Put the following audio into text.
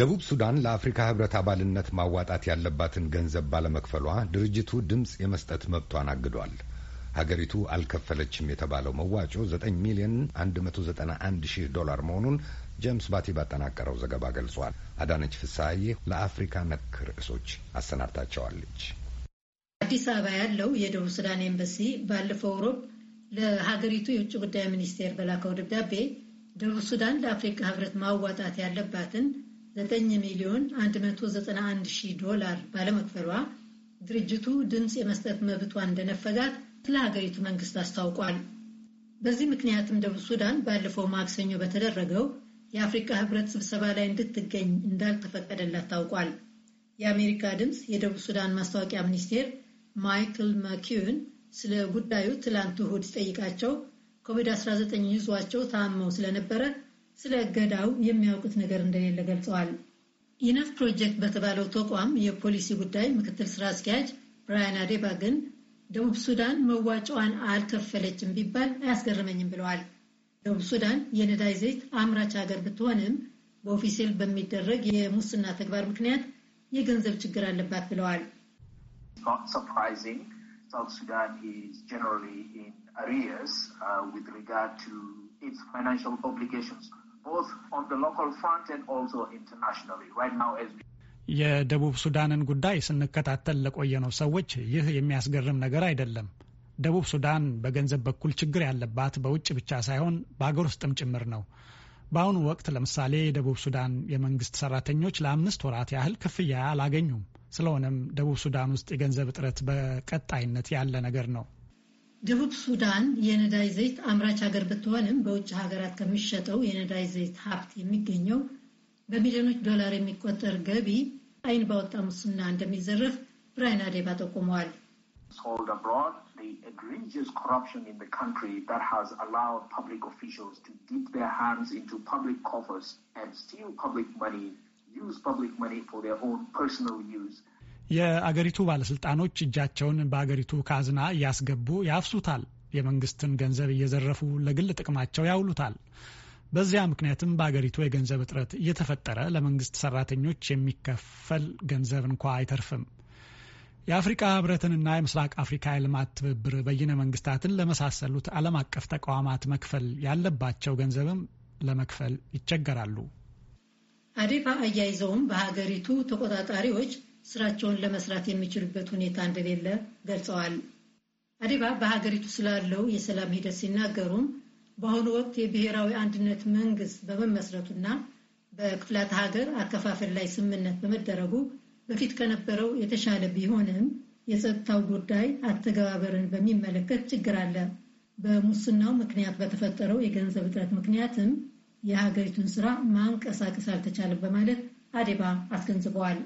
ደቡብ ሱዳን ለአፍሪካ ህብረት አባልነት ማዋጣት ያለባትን ገንዘብ ባለመክፈሏ ድርጅቱ ድምፅ የመስጠት መብቷን አግዷል። ሀገሪቱ አልከፈለችም የተባለው መዋጮ 9 ሚሊዮን 191 ሺህ ዶላር መሆኑን ጄምስ ባቲ ባጠናቀረው ዘገባ ገልጿል። አዳነች ፍስሐዬ ለአፍሪካ ነክ ርዕሶች አሰናድታቸዋለች። አዲስ አበባ ያለው የደቡብ ሱዳን ኤምባሲ ባለፈው ሮብ ለሀገሪቱ የውጭ ጉዳይ ሚኒስቴር በላከው ደብዳቤ ደቡብ ሱዳን ለአፍሪካ ህብረት ማዋጣት ያለባትን 9 ሚሊዮን 191 ሺህ ዶላር ባለመክፈሏ ድርጅቱ ድምፅ የመስጠት መብቷ እንደነፈጋት ስለ ሀገሪቱ መንግስት አስታውቋል። በዚህ ምክንያትም ደቡብ ሱዳን ባለፈው ማክሰኞ በተደረገው የአፍሪካ ህብረት ስብሰባ ላይ እንድትገኝ እንዳልተፈቀደላት ታውቋል። የአሜሪካ ድምፅ የደቡብ ሱዳን ማስታወቂያ ሚኒስቴር ማይክል ማኪዩን ስለ ጉዳዩ ትላንት እሁድ ሲጠይቃቸው ኮቪድ-19 ይዟቸው ታመው ስለነበረ ስለ እገዳው የሚያውቁት ነገር እንደሌለ ገልጸዋል። ኢነፍ ፕሮጀክት በተባለው ተቋም የፖሊሲ ጉዳይ ምክትል ስራ አስኪያጅ ብራያን አዴባ ግን ደቡብ ሱዳን መዋጫዋን አልከፈለችም ቢባል አያስገርመኝም ብለዋል። ደቡብ ሱዳን የነዳጅ ዘይት አምራች ሀገር ብትሆንም በኦፊሴል በሚደረግ የሙስና ተግባር ምክንያት የገንዘብ ችግር አለባት ብለዋል። የደቡብ ሱዳንን ጉዳይ ስንከታተል ለቆየነው ሰዎች ይህ የሚያስገርም ነገር አይደለም። ደቡብ ሱዳን በገንዘብ በኩል ችግር ያለባት በውጭ ብቻ ሳይሆን በአገር ውስጥም ጭምር ነው። በአሁኑ ወቅት ለምሳሌ የደቡብ ሱዳን የመንግስት ሰራተኞች ለአምስት ወራት ያህል ክፍያ አላገኙም። ስለሆነም ደቡብ ሱዳን ውስጥ የገንዘብ እጥረት በቀጣይነት ያለ ነገር ነው። ደቡብ ሱዳን የነዳጅ ዘይት አምራች ሀገር ብትሆንም በውጭ ሀገራት ከሚሸጠው የነዳጅ ዘይት ሀብት የሚገኘው በሚሊዮኖች ዶላር የሚቆጠር ገቢ አይን ባወጣ ሙስና እንደሚዘረፍ ብራይን አዴባ ጠቁመዋል። የአገሪቱ ባለስልጣኖች እጃቸውን በአገሪቱ ካዝና እያስገቡ ያፍሱታል። የመንግስትን ገንዘብ እየዘረፉ ለግል ጥቅማቸው ያውሉታል። በዚያ ምክንያትም በአገሪቱ የገንዘብ እጥረት እየተፈጠረ ለመንግስት ሰራተኞች የሚከፈል ገንዘብ እንኳ አይተርፍም። የአፍሪካ ህብረትንና የምስራቅ አፍሪካ የልማት ትብብር በይነ መንግስታትን ለመሳሰሉት ዓለም አቀፍ ተቋማት መክፈል ያለባቸው ገንዘብም ለመክፈል ይቸገራሉ። አዴፓ አያይዘውም በሀገሪቱ ተቆጣጣሪዎች ስራቸውን ለመስራት የሚችሉበት ሁኔታ እንደሌለ ገልጸዋል። አዲባ በሀገሪቱ ስላለው የሰላም ሂደት ሲናገሩም በአሁኑ ወቅት የብሔራዊ አንድነት መንግስት በመመስረቱና በክፍላተ ሀገር አከፋፈል ላይ ስምምነት በመደረጉ በፊት ከነበረው የተሻለ ቢሆንም የጸጥታው ጉዳይ አተገባበርን በሚመለከት ችግር አለ። በሙስናው ምክንያት በተፈጠረው የገንዘብ እጥረት ምክንያትም የሀገሪቱን ስራ ማንቀሳቀስ አልተቻለም በማለት አዴባ አስገንዝበዋል።